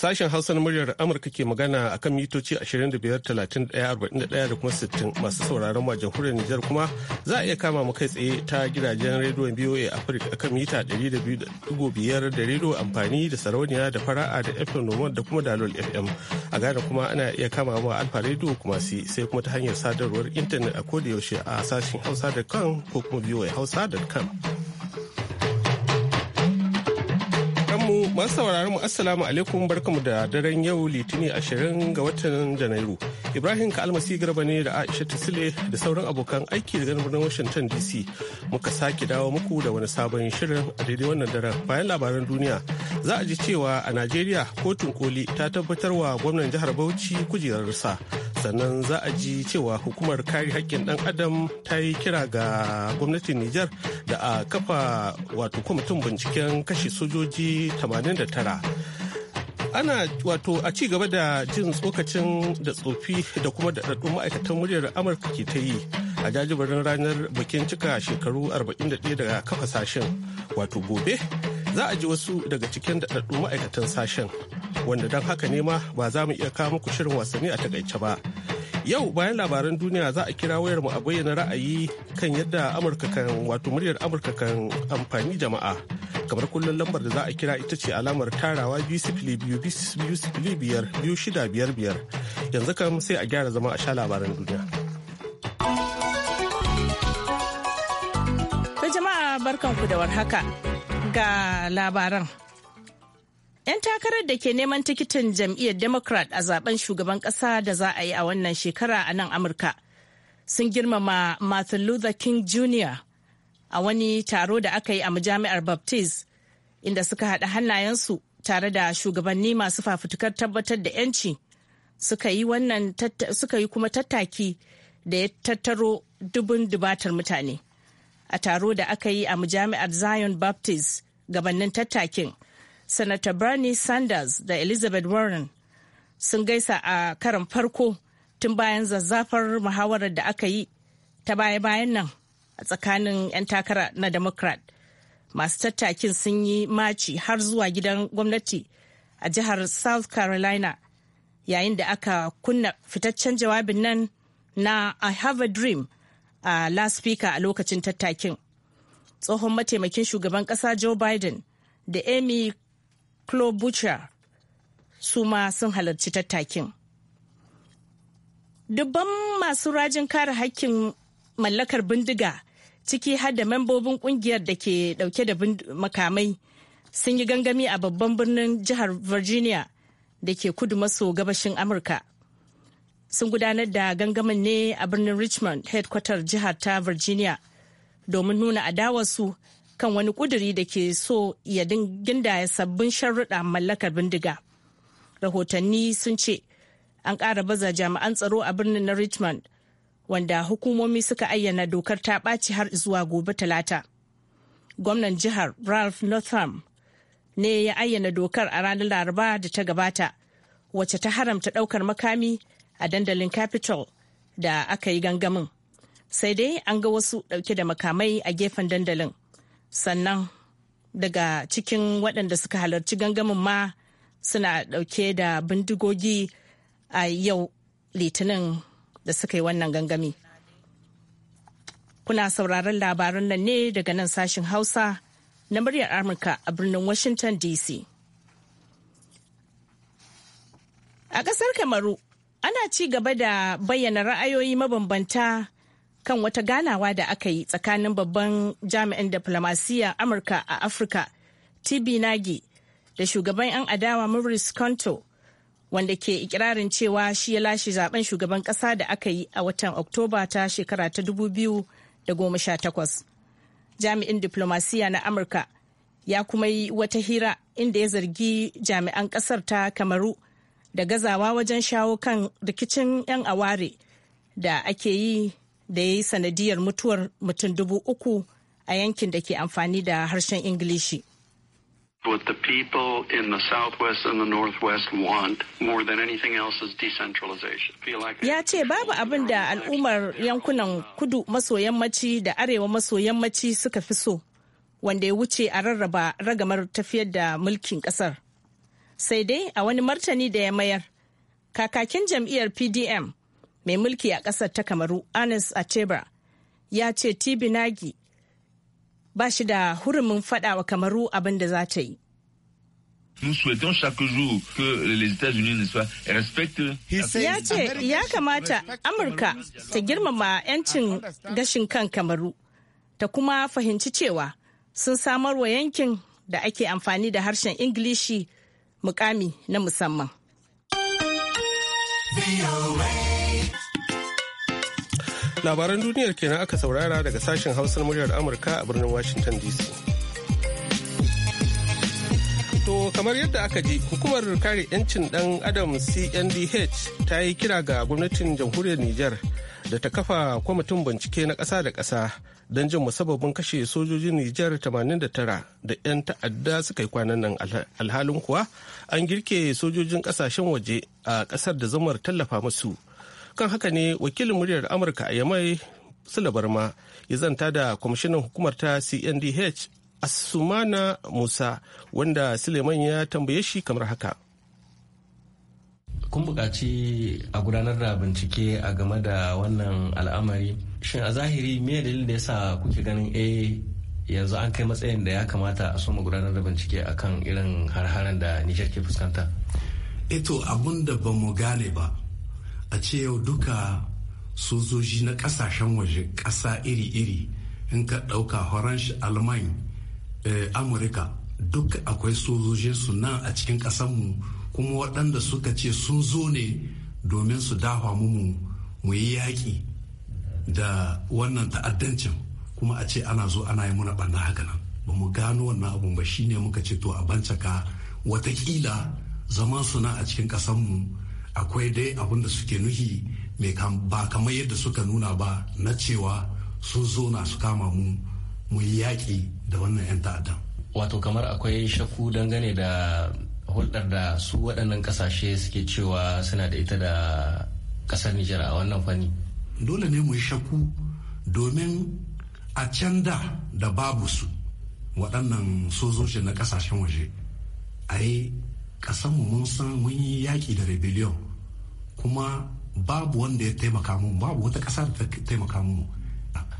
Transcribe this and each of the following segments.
Sashen Hausa na muryar Amurka ke magana a kan mitoci 25,31,41 da kuma 60 masu sauraron wa jamhuriyar Nijar kuma za a iya kama mu kai tsaye ta gidajen rediyon BOA Africa a kan mita 200.5 da rediyo amfani da sarauniya da fara'a da FM Nomad da kuma Dalol FM. A Ghana kuma ana iya kama mu Alfa rediyo kuma sai kuma ta hanyar sadarwar intanet a kodayaushe a sashen hausa.com ko kuma BOA hausa.com. masu sauraron mu assalamu alaikum barkamu da daren yau litini ashirin ga watan janairu ibrahim kalmasi garba ne da aisha sile da sauran abokan aiki daga birnin washington dc muka sake dawo muku da wani sabon shirin a daidai wannan daren bayan labaran duniya za a ji cewa a najeriya kotun koli ta tabbatar wa gwamnan jihar bauchi kujerarsa sannan za a ji cewa hukumar kare hakkin ɗan adam ta yi kira ga gwamnatin nijar da a kafa wato kwamitin binciken kashe sojoji 89 ana wato a ci gaba da jin tsokacin da tsofi da kuma da ma'aikatan muryar amurka ke ta yi a jajibirin ranar bikin cika shekaru 41 daga kafa sashen wato gobe za a ji wasu daga cikin daɗaɗɗun ma'aikatan sashen wanda don haka ne ma ba za mu iya kawo muku shirin wasanni a takaice ba. Yau bayan labaran duniya za a kira wayar mu a bayyana ra'ayi kan yadda Amurka kan wato muryar Amurka kan amfani jama'a. Kamar kullum lambar da za a kira ita ce alamar tarawa biyu sifili biyar biyu shida biyar biyar. Yanzu kam sai a gyara zama a sha labaran duniya. jama'a barkanku da warhaka ga labaran. 'Yan takarar da ke neman tikitin jam'iyyar Democrat a zaben shugaban kasa da za a yi a wannan shekara a nan Amurka sun girmama Martin Luther King Jr. a wani taro da aka yi a majami'ar Baptist inda suka haɗa hannayensu tare da shugabanni masu fafutukar tabbatar da 'yanci suka yi suka yi kuma tattaki da ya tattaro dubun dubatar mutane a taro da aka yi a majami'ar Zion Baptist gabanin tattakin. Sanata Bernie Sanders da Elizabeth Warren sun gaisa a karan farko tun bayan zazzafar muhawarar da aka yi ta baya-bayan nan a tsakanin 'yan takara na Democrat. Masu tattakin sun yi maci har zuwa gidan gwamnati a jihar South Carolina yayin da aka kunna fitaccen jawabin nan na I have a dream a speaker a lokacin tattakin. Tsohon mataimakin shugaban kasa Joe Biden. da Amy Klobuchar su ma sun halarci tattakin. Dubban masu rajin kare hakkin mallakar bindiga ciki har da membobin kungiyar da ke dauke da makamai sun yi gangami a babban birnin jihar Virginia da ke kudu maso gabashin Amurka. Sun gudanar da gangamin ne a birnin Richmond, headquarter jihar ta Virginia, domin nuna adawarsu kan wani kuduri da ke so ya gindaya sabbin sharruɗa mallakar bindiga. Rahotanni sun ce an ƙara baza jami'an tsaro a birnin na Richmond wanda hukumomi suka ayyana dokar ta ɓaci har zuwa gobe talata. Gwamnan jihar Ralph Northam ne ya ayyana dokar a ranar Laraba da ta gabata wacce ta haramta ɗaukar makami a dandalin Capitol da aka yi gangamin. Sai dai an ga wasu ɗauke da makamai a gefen dandalin. sannan daga cikin waɗanda suka halarci gangamin ma suna ɗauke da bindigogi a yau litinin da suka yi wannan gangami kuna sauraron labaran nan ne daga nan sashen hausa na muryar amurka a birnin washington dc a ƙasar kamaru ana ci gaba da bayyana ra'ayoyi mabambanta kan wata ganawa da aka yi tsakanin babban jami'in diflomasiyyar amurka a afirka tb nagi da shugaban 'yan adawa maurice conto wanda ke ikirarin cewa shi ya lashe zaben shugaban kasa da aka yi a watan oktoba ta shekara ta 2018 jami'in diflomasiyya na amurka ya kuma yi wata hira inda ya zargi jami'an kasar ta kamaru da gazawa wajen shawo kan rikicin 'yan aware da ake yi da ya yi sanadiyar mutuwar mutum dubu uku a yankin da ke amfani da harshen ingilishi What the people Southwest and the Northwest want more than anything ya ce babu abin da al'ummar yankunan kudu maso yammaci da arewa maso yammaci suka fi so, wanda ya wuce a rarraba ragamar tafiyar da mulkin kasar. Sai dai a wani martani da ya mayar, kakakin jam'iyyar PDM mai mulki a ƙasar ta kamaru anis atebra ya ce tibi nagi ba shi da hurumin fada wa kamaru abin da za ta yi Ya ce ya kamata Amurka ta girmama 'yancin gashin kan Kamaru ta kuma fahimci cewa sun samar wa yankin da ake amfani da harshen Ingilishi mukami na musamman. labaran duniyar kenan aka saurara daga sashen hausar muryar amurka a birnin washington dc to kamar yadda aka ji hukumar kare 'yancin dan adam cndh ta yi kira ga gwamnatin jamhuriyar niger da ta kafa kwamitin bincike na ƙasa da ƙasa don jin musababin kashe sojojin niger 89 da 'yan ta'adda suka yi kwanan nan alhalin kuwa an girke sojojin ƙasashen waje a ƙasar da zamar tallafa musu kan haka ne wakilin muryar amurka a yamai sula barma ya zanta da kwamishinan hukumar ta cndh asumana musa wanda suleiman ya tambaye shi kamar haka kun buƙaci a gudanar da bincike a game da wannan al'amari shin a zahiri me dalilin da yasa kuke ganin a eh, yanzu an kai matsayin da ya kamata a so gudanar da bincike akan irin har-haren da nijar ke fuskanta eto eh abun da ba mu gane ba a ce yau duka sojoji na kasashen waje kasa iri-iri in ka dauka faransh alman eh, amurka duk akwai su nan a cikin kasanmu kuma waɗanda suka ce sun zo ne domin su dafa mu mu yi yaƙi da wannan ta'addancin kuma a ce ana zo ana yi muna ɓanna haka nan ba mu gano wannan abun ba shine muka ce to a bancaka watakila zaman su na a cikin mu akwai dai abin da suke nuhi ba kamar yadda suka nuna ba na cewa sun zo na su kama mu mu yaƙi da wannan 'yan ta'addan. wato kamar akwai shakku dangane da hulɗar da su waɗannan ƙasashe suke cewa suna da ita da ƙasar nijar a wannan fanni dole ne mu yi shakku domin a can da da babu su waɗannan sojoji na ƙasashen waje a yi mu mun san mun yi yaƙi da rebellion kuma babu wanda ya taimaka mu babu wata ƙasa da ta taimaka mu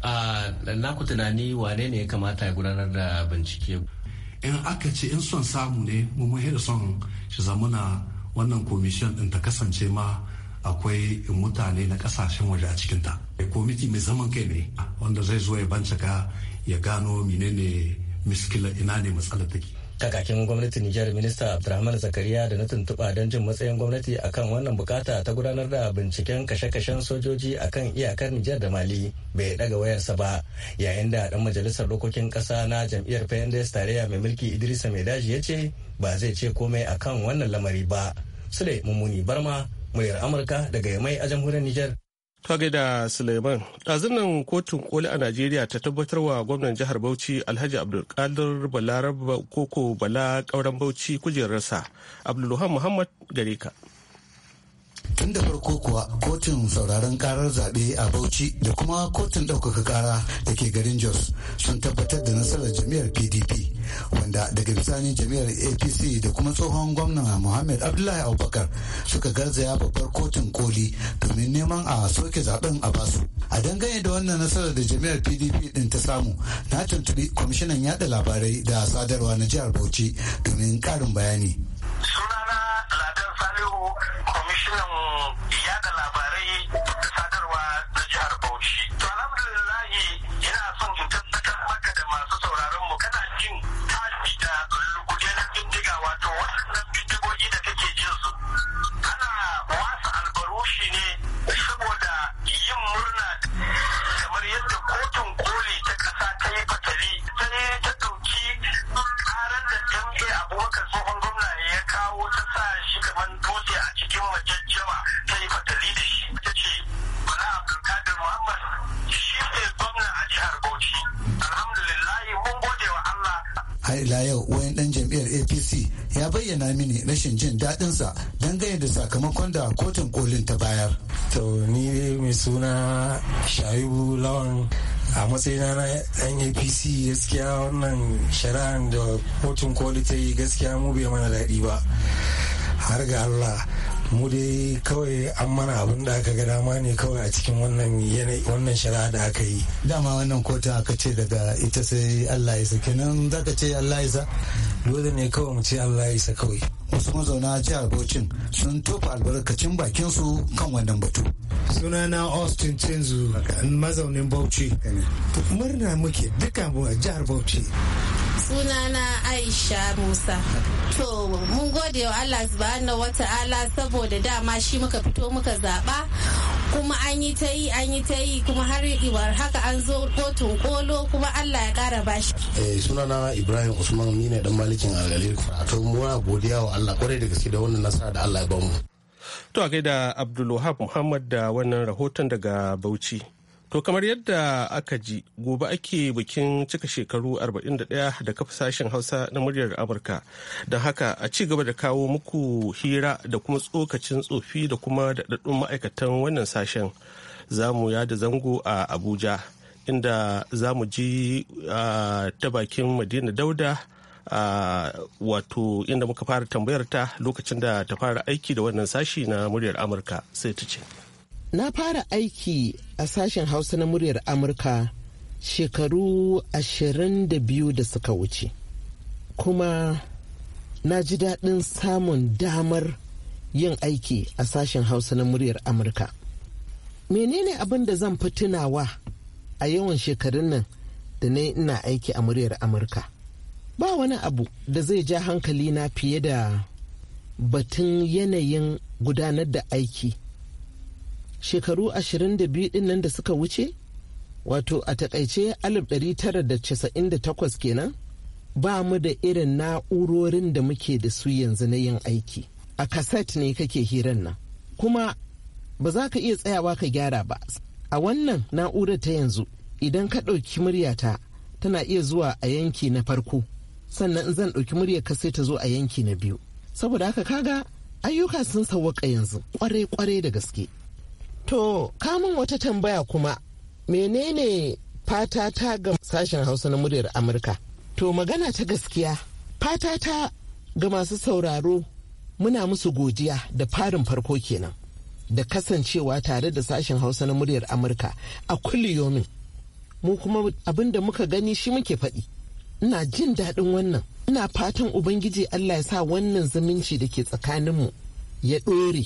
a ku tunani wane ne ya kamata ya gudanar da bincike in aka ce in son samu ne mun da son shi zamana wannan commission din ta kasance ma akwai mutane na kasashen waje a cikinta komiti mai zaman kai ne wanda zai zo ya bancika ya gano menene miskila ina ne matsalar take kakakin gwamnati Nijar minista Abdulrahman Zakariya da na tuntuɓa don jin matsayin gwamnati akan wannan bukata ta gudanar da binciken kashe-kashen sojoji akan iyakar Nijar da Mali bai daga wayarsa ba yayin da dan majalisar dokokin kasa na jam'iyyar PNDS tarayya mai mulki Idrisa Maidaji ya ce ba zai ce komai akan wannan lamari ba. Sule Mummuni Barma, muryar Amurka daga Yamai a jamhuriyar Nijar. Ta gaida Suleiman, ɗazunan kotun koli a Najeriya ta tabbatar wa gwamnan jihar Bauchi Alhaji Abdulkadir Balaraba Koko Bala ƙauren Bauchi kujerarsa. Abdulluhan Muhammad Gareka. tun da farko kuwa kotun sauraron karar zaɓe a bauchi da kuma kotun ɗaukaka kara da ke garin jos sun tabbatar da nasarar jami'ar pdp wanda daga bisani jami'ar apc da kuma tsohon gwamnan muhammad abdullahi abubakar suka garzaya babbar kotun koli domin neman a soke zaben a basu a dangane da wannan nasarar da jami'ar pdp din ta samu na tuntubi kwamishinan yaɗa labarai da sadarwa na jihar bauchi domin karin bayani sunana ladan salihu kwamishinan yada labarai da sadarwa na jihar bauchi to alhamdulillahi ina son in tabbatar maka da masu sauraron mu kana jin bayyana mini rashin jin daɗinsa dangane da sakamakon da kotun kolin ta bayar. To ni mai suna Shaibu Lawan a matsayina na yan apc gaskiya wannan shari'an da kotun koli ta yi gaskiya mu bai mana daɗi ba har ga allah mu dai kawai an mana abin da aka ga dama ne kawai a cikin wannan wannan shari'a da aka yi dama wannan kotun aka ce daga ita sai allah isa kenan zaka ce allah isa dole ne kawai mu ce Allah ya isa kawai. Wasu mazauna jihar Bauchin sun tofa albarkacin bakinsu kan wannan batu. Sunana Austin Cinzu mazaunin Bauchi. Murna muke duka mu a jihar Bauchi sunana aisha musa to mun gode wa allah subhanahu wata ala saboda dama shi muka fito muka zaba kuma an yi ta yi an yi ta yi kuma har ibar haka an zo kotun kolo kuma allah ya kara bashi eh sunana ibrahim usman ni ne dan malikin algalir to mu godiya wa allah kwarai da gaske da wannan nasara da allah ya bamu to a gaida abdulwahab muhammad da wannan rahoton daga bauchi To kamar yadda aka ji gobe ake bikin cika shekaru 41 da kafa sashen Hausa na muryar Amurka. Don haka a ci gaba da kawo muku hira da kuma tsokacin tsofi da kuma daɗaɗɗun ma'aikatan wannan sashen. Za mu yada zango a Abuja inda za mu ji ta bakin Madina Dauda wato inda muka fara tambayar ta lokacin da ta fara aiki da wannan sashi na muryar Amurka sai ta ce. na fara aiki a sashen hausa na muryar amurka shekaru ashirin da biyu da suka wuce kuma na ji daɗin samun damar yin aiki a sashen hausa na muryar amurka menene abin da zan fi tunawa a yawan shekarun nan da na ina aiki a muryar amurka ba wani abu da zai ja hankali na fiye da batun yanayin gudanar da aiki shekaru 22 din nan da suka wuce wato a takaice 1998 kenan ba mu da irin na'urorin da muke da su yanzu na yin aiki a kaset ne kake hiran nan kuma ba za ka iya tsayawa ka gyara ba a wannan na'urar ta yanzu idan ka ɗauki muryata tana iya zuwa a yanki na farko sannan in zan ɗauki muryar ka sai ta zo a yanki na biyu saboda haka kaga ayyuka sun sawwaka yanzu kwarai kwarai da gaske To, kamun wata tambaya kuma, menene fata ta ga sashen Hausa na muryar Amurka? To, magana ta gaskiya, fata ta ga masu sauraro muna musu godiya da farin farko kenan. Da kasancewa tare da sashen Hausa na muryar Amurka a kulliyomin. Mu kuma abin da muka gani shi muke faɗi. Ina jin daɗin wannan. Ina fatan Ubangiji Allah ya sa wannan zumunci da ke tsakaninmu ya ɗore.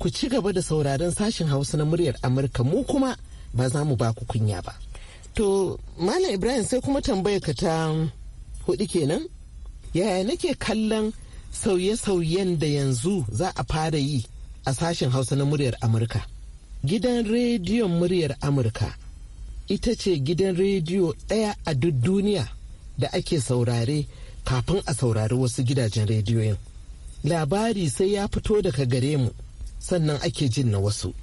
ku ci gaba da sauraron sashen hausa na muryar amurka mu kuma ba za mu ba ku kunya ba to malam ibrahim sai kuma tambayar ka ta hudu kenan yaya nake kallon sauye-sauyen da yanzu za a fara yi a sashen hausa na muryar amurka gidan rediyon muryar amurka ita ce gidan rediyo ɗaya a duk duniya da ake saurare kafin a saurari wasu gidajen rediyoyin labari sai ya fito daga gare mu sannan ake jin na wasu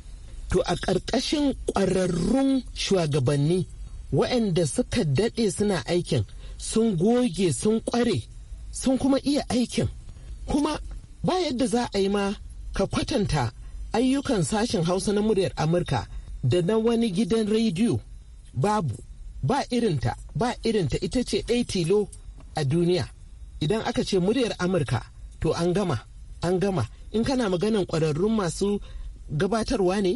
to a ƙarƙashin ƙwararrun shugabanni waɗanda suka daɗe suna aikin sun goge sun ƙware sun kuma iya aikin kuma ba yadda za a yi ma ka kwatanta ayyukan sashen hausa na muryar amurka da na wani gidan rediyo babu ba irinta ba irinta ita ce ɗaya tilo a duniya idan aka ce muryar amurka to an gama an gama in kana maganan kwararrun masu gabatarwa ne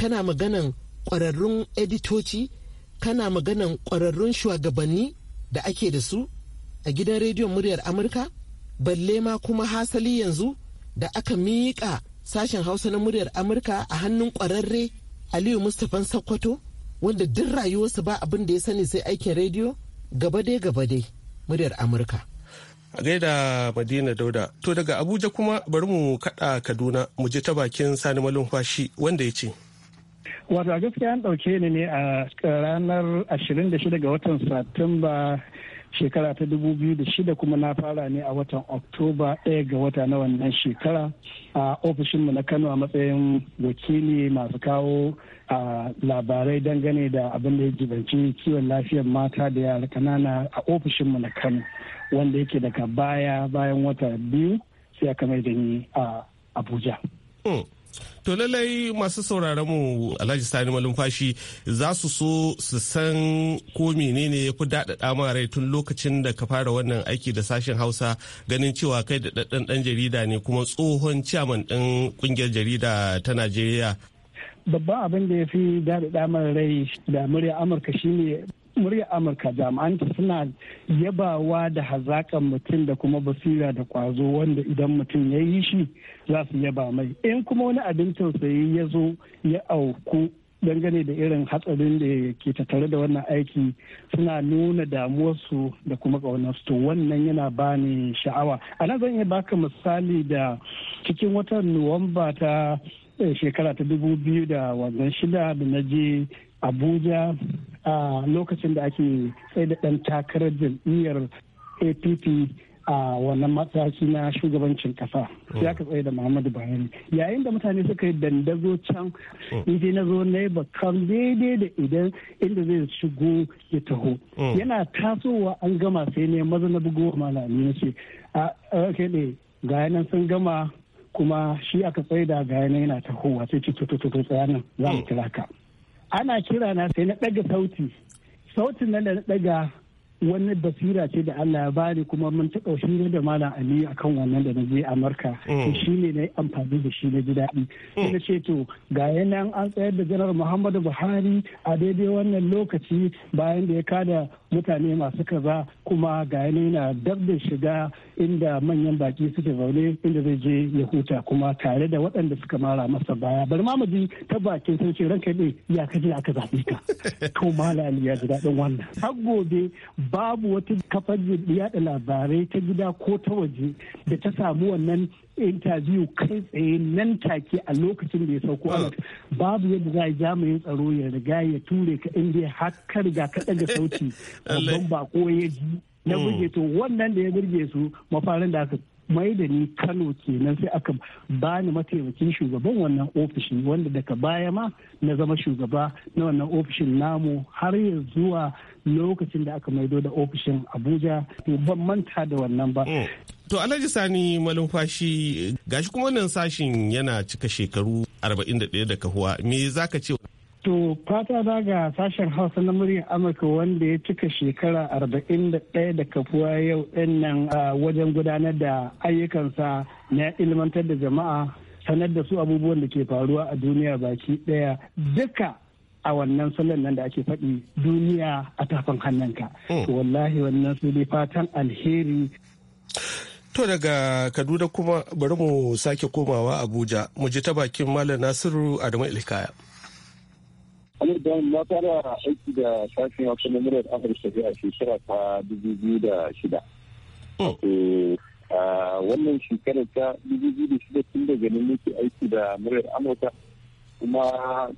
kana maganan kwararrun editoci kana maganan kwararrun shugabanni da ake da su a gidan rediyon muryar amurka balle ma kuma hasali yanzu da aka miƙa sashen hausa na muryar amurka a hannun kwararre aliyu mustapha sakwato wanda duk rayuwarsa ba abin da ya sani sai aikin rediyo gaba dai gaba dai muryar amurka a gaida madina dauda to daga abuja kuma bari mu kada kaduna mu je ta bakin sani malumfashi wanda ya ce wato a gaskiya an dauke ni ne a ranar 26 ga watan satumba shekara ta 2006 kuma na fara ne a watan oktoba ɗaya ga wata na wannan shekara a ofishinmu na kano a matsayin wakili masu kawo a labarai dangane da abin da ya jibanci kiwon lafiyar mata da yara kanana a ofishinmu na kano wanda yake daga baya bayan wata biyu sai aka mai da a abuja hmm. To lallai masu sauraron mu Alhaji Sani Malumfashi za su so su san ko menene ya fi daɗaɗa ma rai tun lokacin da ka fara wannan aiki da sashen Hausa ganin cewa kai da ɗaɗɗan ɗan jarida ne kuma tsohon ciyaman ɗin ƙungiyar jarida ta Najeriya. Babban abin da ya fi daɗaɗa ma rai da murya Amurka shine muryar amurka jami'anta suna yabawa da hazakan mutum da kuma basira da kwazo wanda idan mutum ya yi shi za su yaba mai in kuma wani abin tausayi ya zo ya auku dangane da irin hatsarin da ke tattare da wannan aiki suna nuna damuwarsu da kuma ƙaunarsu to wannan yana bani sha'awa a nan zan iya baka misali da cikin watan nuwamba ta eh, shekara ta dubu biyu da wannan shida da na je abuja a lokacin da ake tsaye da ɗan takarar jam'iyyar app a wannan mataki na shugabancin kasa sai aka tsaye da muhammadu buhari yayin da mutane suka yi dandazo can inda na zo na yaba kan daidai da idan inda zai shigo ya taho mm. yana tasowa an gama sai ne maza na bugo malami na ce a ne ga nan sun gama kuma shi aka tsaye da ga yana tahowa sai ce to to nan za mu mm. kira ka ana kira na sai na ɗaga sauti sautin nan da na ɗaga wani basira ce da Allah ya bani kuma mun taɓa ne da Malam Aliyu akan wannan da na je Amurka shi mm. shine na yi amfani da shi na ji daɗi Ina mm. ce to ga yana an tsayar da Janar Muhammadu Buhari a daidai wannan lokaci bayan da ya kada mutane masu kaza kuma ga yana dab da shiga inda manyan baki suke zaune inda zai je ya huta kuma tare da waɗanda suka mara masa baya bari ma ji ta bakin sun ce ranka ne ya kaje aka zaɓe ka to malali ya ji daɗin wannan har gobe babu wata kafar yaɗa labarai ta gida ko ta waje da ta samu wannan interview kai tsaye nan take a lokacin da ya sauko ah. alat babu yadda za a jami'in tsaro ya riga ya ture ka inda har ka riga ka daga sauti babban bako ya ji na burge to hmm. wannan da ya burge su mafarin da aka mai da ni kano kenan sai aka bani mataimakin shugaban wannan ofishin wanda daga baya ma na zama shugaba na wannan ofishin namu har ya zuwa lokacin da aka maido da ofishin abuja to ban manta da wannan ba hmm. To Alhaji Sani malumfashi gashi kuma wannan sashin yana cika shekaru 41 da kahuwa me zaka ce To fata na sashen Hausa na muryar Amurka wanda ya cika shekara 41 da kafuwa yau ɗin nan wajen gudanar da ayyukansa na ilmantar da jama'a sanar da su abubuwan da ke faruwa a duniya baki ɗaya duka a wannan salon nan da ake faɗi duniya a tafin hannunka. Hmm. To wallahi wannan su ne fatan alheri. To daga Kaduna kuma bari mu sake komawa Abuja mu ji ta bakin Malam Nasiru Adamu Ilkaya. Wani da na fara aiki da sashen wasu namurar afirka Afirka a shekara ta dubu biyu da shida. Oh. Eh, wannan shekarar ta dubu biyu da shida tun daga nan nake aiki da murar Amurka kuma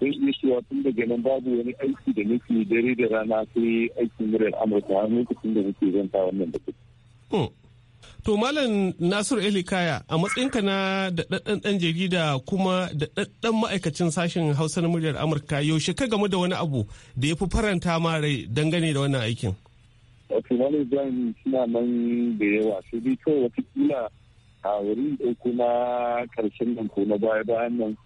sun iya cewa tun daga nan babu wani aiki da nake dare da rana sai aikin murar Amurka har lokacin da nake zanta wannan da To Malam Nasiru Elikaya a matsayinka na daɗaɗɗen ɗan jarida kuma daɗaɗɗen ma'aikacin sashen Hausa na muryar Amurka yaushe ka game da wani abu da ya fi faranta ma rai dangane da wannan aikin? Wato wani zan suna nan da yawa sai dai kawai watakila a wurin ɗauko na ƙarshen nan ko na baya bayan nan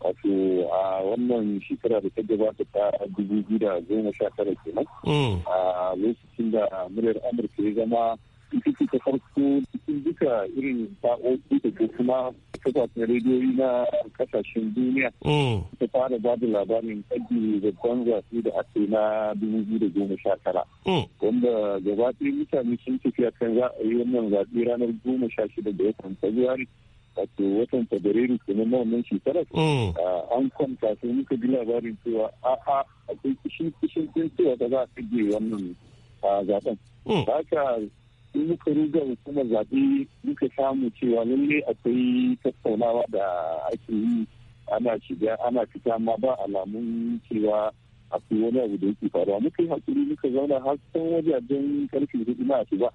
wato a wannan shekara da ta gabata ta dubu biyu da goma sha tara kenan mm. a lokacin da muryar Amurka ya zama fifiko ta farko cikin duka irin sa'o'i da ko kuma kafafen rediyoyi na kasashen duniya ta mm. fara ba da labarin tsaji babban zafi da ake na dubu da goma sha tara. Mm. Wanda gaba ɗaya mutane sun tafiya kan za a yi wannan zaɓe ranar goma sha shida da watan Fabrairu. Wato watan Fabrairu kenan na wannan shekarar. Mm. An kwanta sai muka bi labarin cewa a'a akwai kishin kishin cewa ba za a tsage wannan zaɓen. Haka in muka riga hukumar zaɓe muka samu cewa lalle akwai tattaunawa da ake yi ana shiga ana fita ma ba alamun cewa akwai wani abu da yake faruwa muka yi hakuri muka zauna har san wajajen karfe hudu na asuba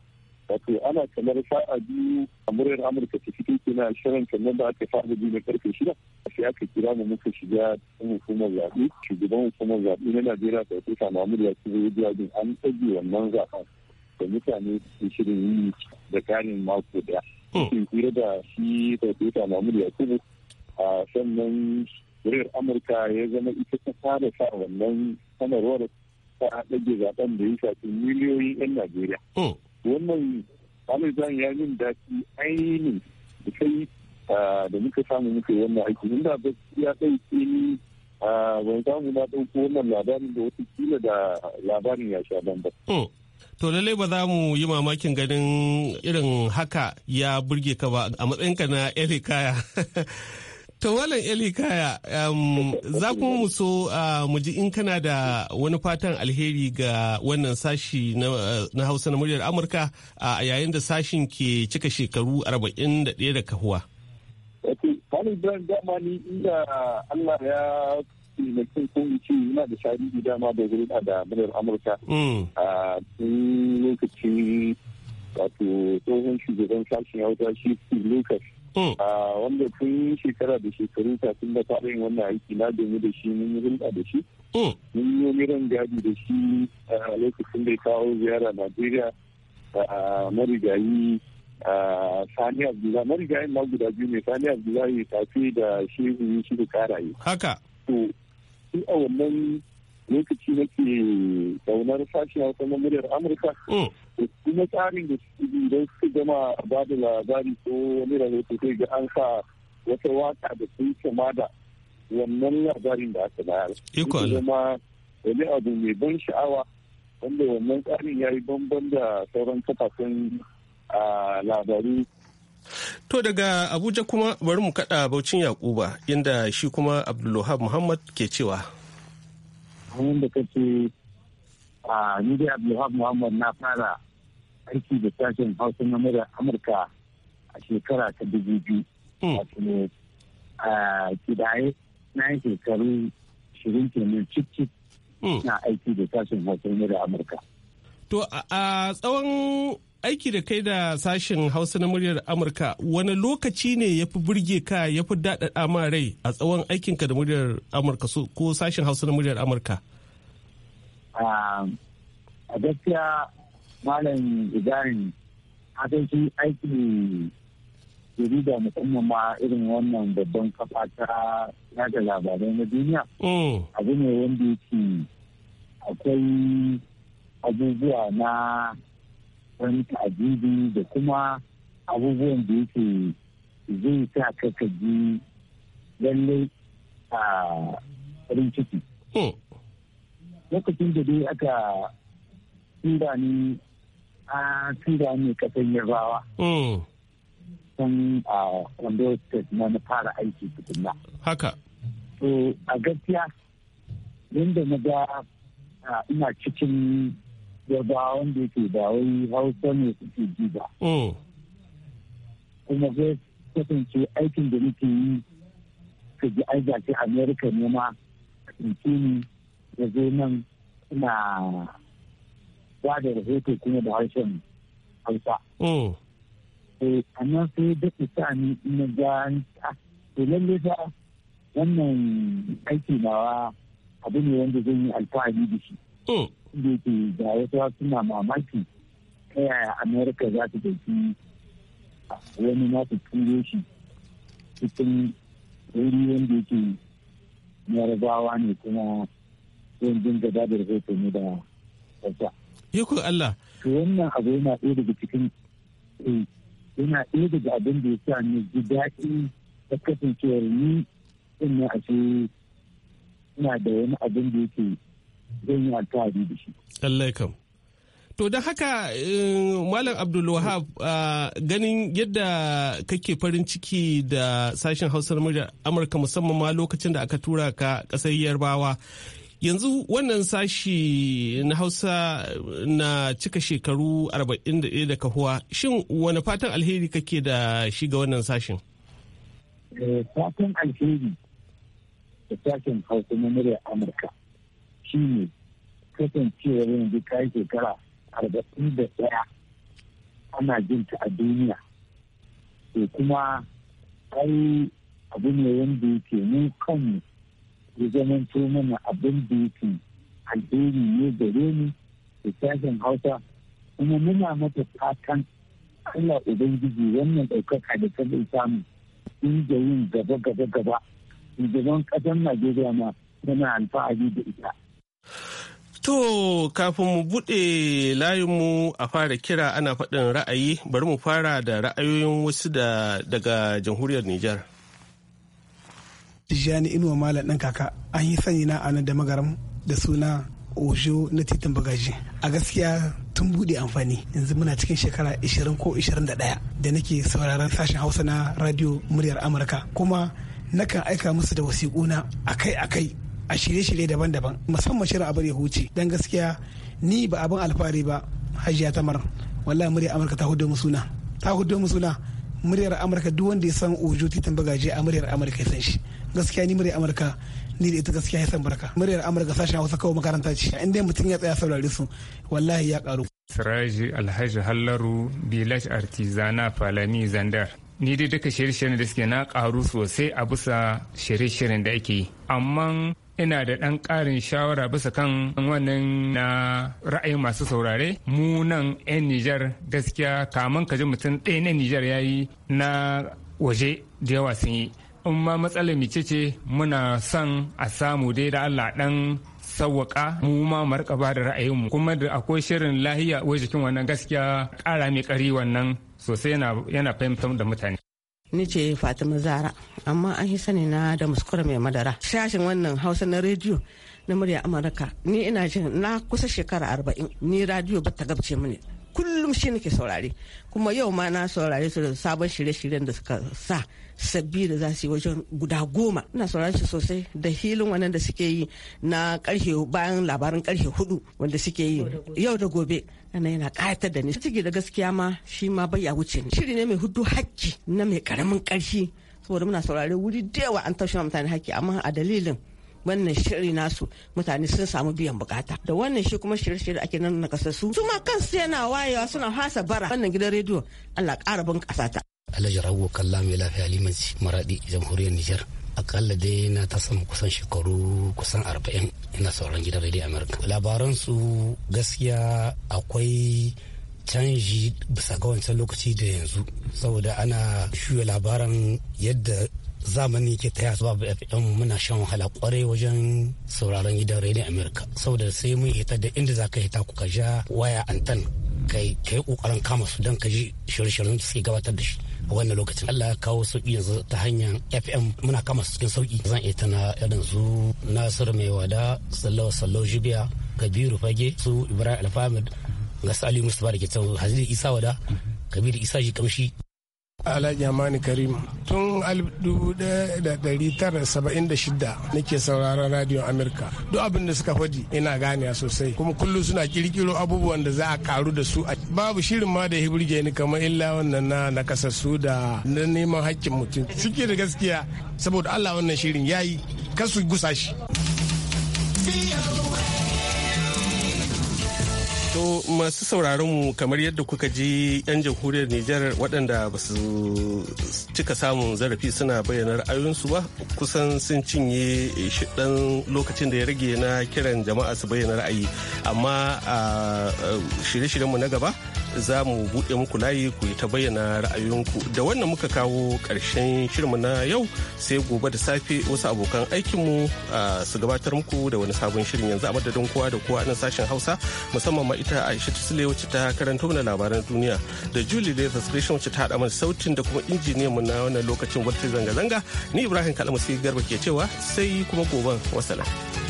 wato ana kamar sa'a biyu a muryar amurka ta fito na shirin kamar da aka fara biyu na karfe shida sai aka kira mu muka shiga cikin hukumar zaɓe shugaban hukumar zaɓe na najeriya ta kusa mahmud ya ci zuwa an ɗage wannan zaɓen da mutane ke shirin yi da karin mako da. Sun kure da shi da Dota Mahmud Yakubu a sannan muryar Amurka ya zama ita ta fara sa wannan sanarwar ta ɗage zaben da ya shafi miliyoyin 'yan Najeriya. Oh. Wannan Amurka ya yin daɗi ainihin da kai da muka samu muka yi wannan aiki inda ya ɗauke ni ban samu na ɗauko wannan labarin da wata kila da labarin ya sha ban ba. Oh. To lallai ba za mu yi mamakin ganin irin haka ya burge ka ba a matsayinka na Elikaya. To Malam Elikaya, za kuma mu so mu ji in kana da wani fatan alheri ga wannan sashi na Hausa na muryar Amurka a yayin da sashin ke cika shekaru 41 da kahuwa. Fani Ibrahim dama inda Allah ya mace ko in ce yana da tarihi dama da wurin da muryar amurka mm. a tun lokaci wato tsohon shugaban sashen hausa shi su lucas mm. wanda tun shekara da shekaru kafin da fara yin wannan aiki na domin da shi mun hulɗa da shi mun yi mm. wani gadi da shi a lokacin da ya kawo ziyara najeriya a marigayi a sani abdullahi marigayi ma guda biyu ne sani abdullahi tafi da shehu shi da karaye haka to tun a wannan lokaci nake daunar sashen hausa na muryar amurka mm. kuma tsarin da idan suka gama ba da labari ko wani rahoto sai ga an sa wata waka da sun kama da wannan labarin da aka bayar. Iko zama wani abu mai ban sha'awa wanda wannan tsarin ya yi bamban da sauran kafafen ah, labaru To daga Abuja kuma bari mu kada Baucin Yakuba inda shi kuma Abdulwahab Muhammad ke cewa. Hanyar da kace a ni dai Abdulwahab Muhammad na fara aiki da sashen Hausa na Mura Amurka a shekara ta dubu biyu. Hmm. Wato a kidaye na yi shekaru shirin kenan cik hmm. na aiki da sashen Hausa na Mura Amurka. To a tsawon aiki da kai da sashen hausa na muryar amurka wani lokaci ne ya fi burge ka ya fi daɗaɗa ma rai a tsawon aikinka da muryar amurka ko sashen hausa na muryar amurka um, a gaskiya malam ibrahim shi aiki jarida musamman ma irin wannan babban kafa ta yada labarai na duniya mm. abu ne wanda yake akwai abubuwa na wani ta'ajibi da kuma abubuwan da yake zai sa ka ka ji lallai a farin ciki. Hmm. Lokacin da dai aka tura ni a tura ni ya yarbawa. Sun hmm. a wanda state na na fara aiki tukunna. Haka. To a gaskiya yadda na ga ina cikin ba wanda yake ba wai hausa ne suke ji ba. Oh. Kuma zai kasance aikin da nake yi ka ji ai gashi Amerika ne ma kasance ni da zo nan na ba da rahoto kuma da harshen Hausa. Oh. Eh, A nan sai da sa ni na ga to lalle fa wannan aiki nawa abu ne wanda zan yi alfahari da shi. da ke da wasu suna mamaki ta yaya amerika za ta dauki wani na ta turo shi cikin wuri wanda yake yarabawa ne kuma yin dinga da da rahoto ne da wata. Iko Allah. To wannan abu yana ɗaya daga cikin eh, yana ɗaya daga abin da ya sa ni ji daɗi da kasancewar ni ina a ce ina da wani abin da yake zai yi alfahari da shi. Allah kam. To don haka eh, Malam Abdulwahab ganin yadda kake farin ciki da sashen hausar murya Amurka musamman ma lokacin da aka tura ka ƙasar Yarbawa. Yanzu wannan sashi na Hausa na cika shekaru 41 da kahuwa. Shin wani fatan alheri kake da shi ga wannan sashin? Eh, fatan alheri da sashen Hausa na murya Amurka. shi ne kasancewa yanzu kai shekara arba'in da ɗaya ana jin ta a duniya to kuma ai abu ne wanda yake mu kanmu ya to mana abin da yake alheri ne gare mu da sashen hausa kuma muna mata fatan Allah Ubangiji wannan ɗaukaka da ta zai samu da yin gaba gaba gaba shugaban ƙasar Najeriya ma yana alfahari da ita. To kafin mu buɗe layinmu a fara kira ana faɗin ra'ayi bari mu fara da ra'ayoyin wasu da daga jamhuriyar Nijar. Tijjani Inuwa Malam ɗan kaka an yi sanyi na anan da magaram da suna Ojo na titin bagaji. A gaskiya tun buɗe amfani yanzu muna cikin shekara 20 ko 21 da nake sauraron sashen Hausa na radio muryar Amurka kuma nakan aika musu da wasiƙuna akai-akai a shirye-shirye daban-daban musamman shirin abar ya huce don gaskiya ni ba abin alfahari ba hajiya tamar wallahi muryar amurka ta hudu musuna ta hudu musuna muryar amurka duk wanda ya san ojo titin bagaje a muryar amurka ya san shi gaskiya ni muryar amurka ni da ita gaskiya ya san barka muryar amurka sashen hausa kawai makaranta ce inda mutum ya tsaya saurare su wallahi ya karu siraji alhaji hallaru bilash artizana falami zandar ni dai duka shirye-shiryen da suke na karu sosai a bisa shirye-shiryen da ake yi amma ina da ɗan ƙarin shawara bisa kan wannan na ra'ayin masu saurare mu nan 'yan nijar gaskiya kamar ka ji mutum ɗaya na nijar ya yi na waje da yawa sun yi in ma matsala mice ce muna son a samu dai da allah ɗan sawwaka mu ma mu rika ba da ra'ayinmu kuma da akwai shirin lahiya wajen wannan gaskiya ƙara mai ƙari wannan sosai yana fahimtar da mutane Ni ce Fatima Zara, amma an yi sani na da muskura mai madara. sashen wannan Hausa na rediyo na murya Amurka, ni ina jin na kusa shekara arba'in, ni radiyo ba ta gabce mini. kullum shi nake saurari kuma yau ma na saurari su da sabon shirye-shiryen da suka sa sabbi da za su yi wajen guda goma ina saurare shi sosai da hilin wannan da suke yi na karfe bayan labarin karfe hudu wanda suke yi yau da gobe ana yana kayatar da ni ciki da gaskiya ma shi ma bai ya wuce ni shiri ne mai hudu hakki na mai karamin karfi saboda muna saurari wuri da an taushe mutane hakki amma a dalilin wannan shiri nasu mutane sun samu biyan bukata da wannan shi kuma shirye-shirye ake nuna na kasassu su ma kansu yana wayewa suna hasa bara wannan gidan rediyo Allah ƙara bunƙasa ta Alhaji Rago Kalla mai lafiya limanci Maradi jamhuriyar Nijar akalla dai na ta sama kusan shekaru kusan arba'in ina sauran gidan rediyo Amerika su gaskiya akwai canji bisa ga wancan lokaci da yanzu saboda ana shuya labaran yadda zamani ke taya babu fm muna shan wahala kwarai wajen sauraron gidan rediyon Amerika saboda sai mun hita da inda za ka hita ku ka ja waya antan kai kai kokarin kama su don ka ji shirye-shiryen da suke gabatar da shi a wannan lokacin Allah ya kawo sauki yanzu ta hanyar FM muna kama su cikin sauki zan iya tana irin su Nasiru mai wada Sallawa Sallau Jibiya Kabiru Fage su Ibrahim Alfahamid ga Salihu Mustafa da ke Hazili Isa wada Kabiru Isa ji kamshi Alhaji Amani Karim. Tun 1976 nake sauraron Radio Amurka Duk abin da suka faɗi ina ganiya sosai. Kuma kullum suna kirkiro abubuwan da za a karu da su. Babu shirin ma da hibirge ni kamar illa wannan na nakasassu da na neman hakkin mutum. suke da gaskiya saboda Allah wannan shirin yayi kasu gusa shi. To masu sauraron mu kamar yadda kuka ji 'yan jamhuriyar Nijar waɗanda ba su cika samun zarafi suna bayyana ra'ayoyinsu ba kusan sun cinye shiɗan lokacin da ya rage na kiran jama'a su bayyana ra'ayi amma a ah, shirye-shiryenmu na gaba za mu buɗe muku layi ku yi ta bayyana ra'ayoyinku da wannan muka kawo ƙarshen shirinmu na yau sai gobe da safe wasu abokan aikinmu su gabatar muku da wani sabon shirin yanzu a madadin kowa da kowa nan sashen hausa musamman ma ita aisha tusile wacce ta karanta mana labaran duniya da julie lathas gresham wacce ta haɗa mana sautin da kuma injiniyan mu na wannan lokacin wata zanga-zanga ni ibrahim kalamu sai garba ke cewa sai kuma goben wasala.